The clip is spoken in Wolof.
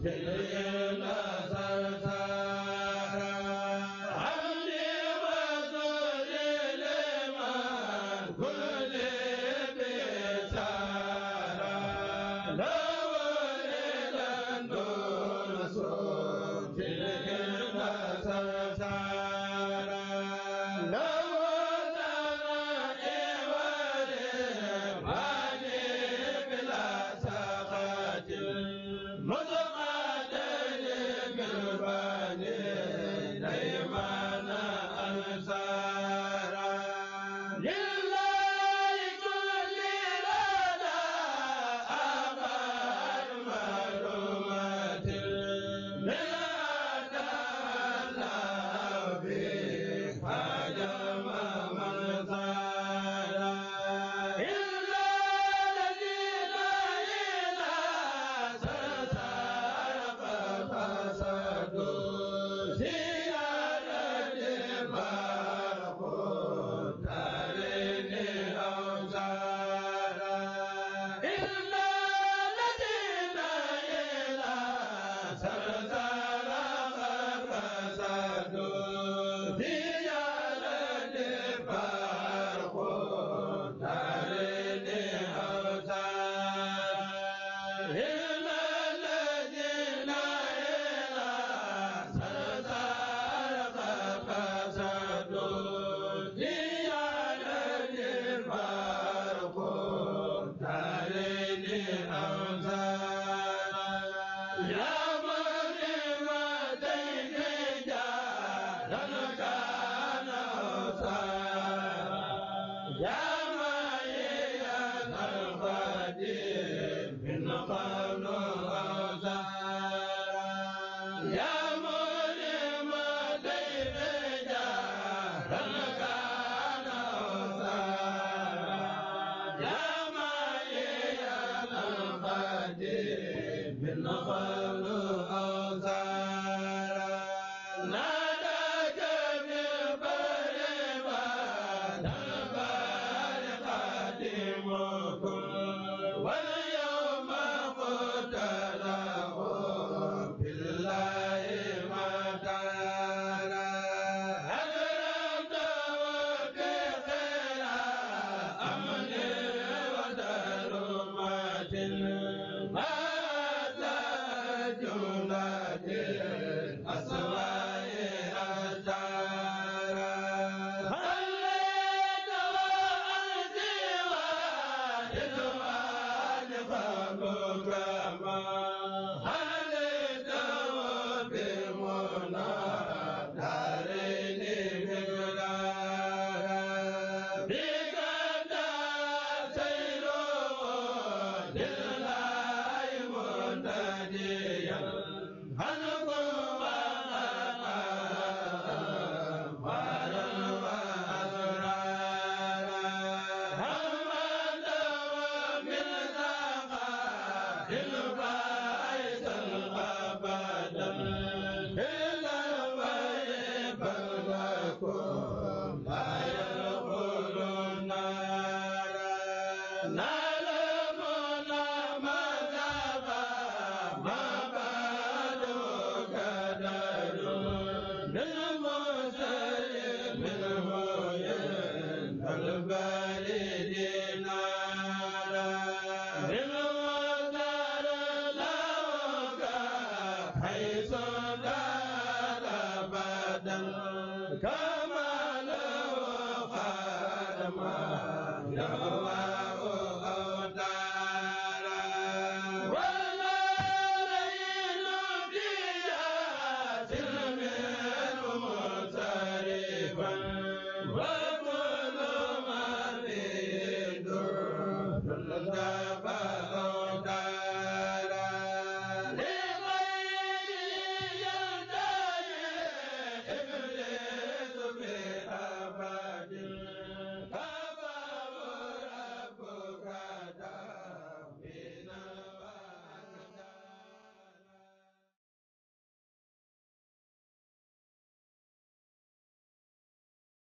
Sir. يا Hey! كما لو خاتما